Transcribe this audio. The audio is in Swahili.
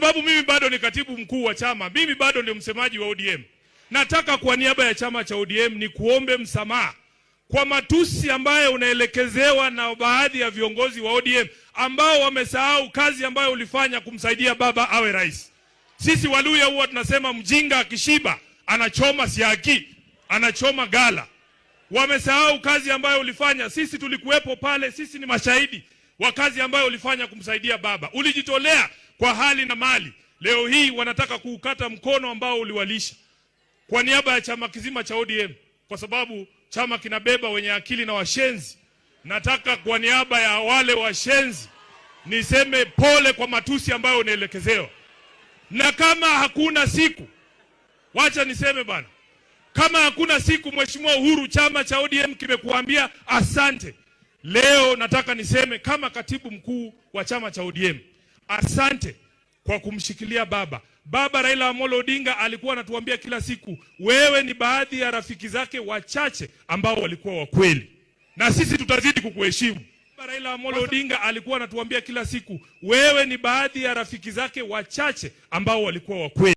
Sababu mimi bado ni katibu mkuu wa chama, mimi bado ndio msemaji wa ODM. Nataka kwa niaba ya chama cha ODM ni kuombe msamaha kwa matusi ambayo unaelekezewa na baadhi ya viongozi wa ODM ambao wamesahau kazi ambayo ulifanya kumsaidia baba awe rais. Sisi Waluya huwa tunasema mjinga akishiba anachoma siaki, anachoma gala. Wamesahau kazi ambayo ulifanya, sisi tulikuwepo pale, sisi ni mashahidi wa kazi ambayo ulifanya kumsaidia baba, ulijitolea kwa hali na mali. Leo hii wanataka kuukata mkono ambao uliwalisha kwa niaba ya chama kizima cha ODM, kwa sababu chama kinabeba wenye akili na washenzi. Nataka kwa niaba ya wale washenzi niseme pole kwa matusi ambayo unaelekezewa, na kama hakuna siku, wacha niseme bana, kama hakuna siku, Mheshimiwa Uhuru, chama cha ODM kimekuambia asante. Leo nataka niseme kama katibu mkuu wa chama cha ODM, asante kwa kumshikilia baba. Baba Raila Amolo Odinga alikuwa anatuambia kila siku, wewe ni baadhi ya rafiki zake wachache ambao walikuwa wa kweli, na sisi tutazidi kukuheshimu. Baba Raila Amolo Odinga alikuwa anatuambia kila siku, wewe ni baadhi ya rafiki zake wachache ambao walikuwa wa kweli.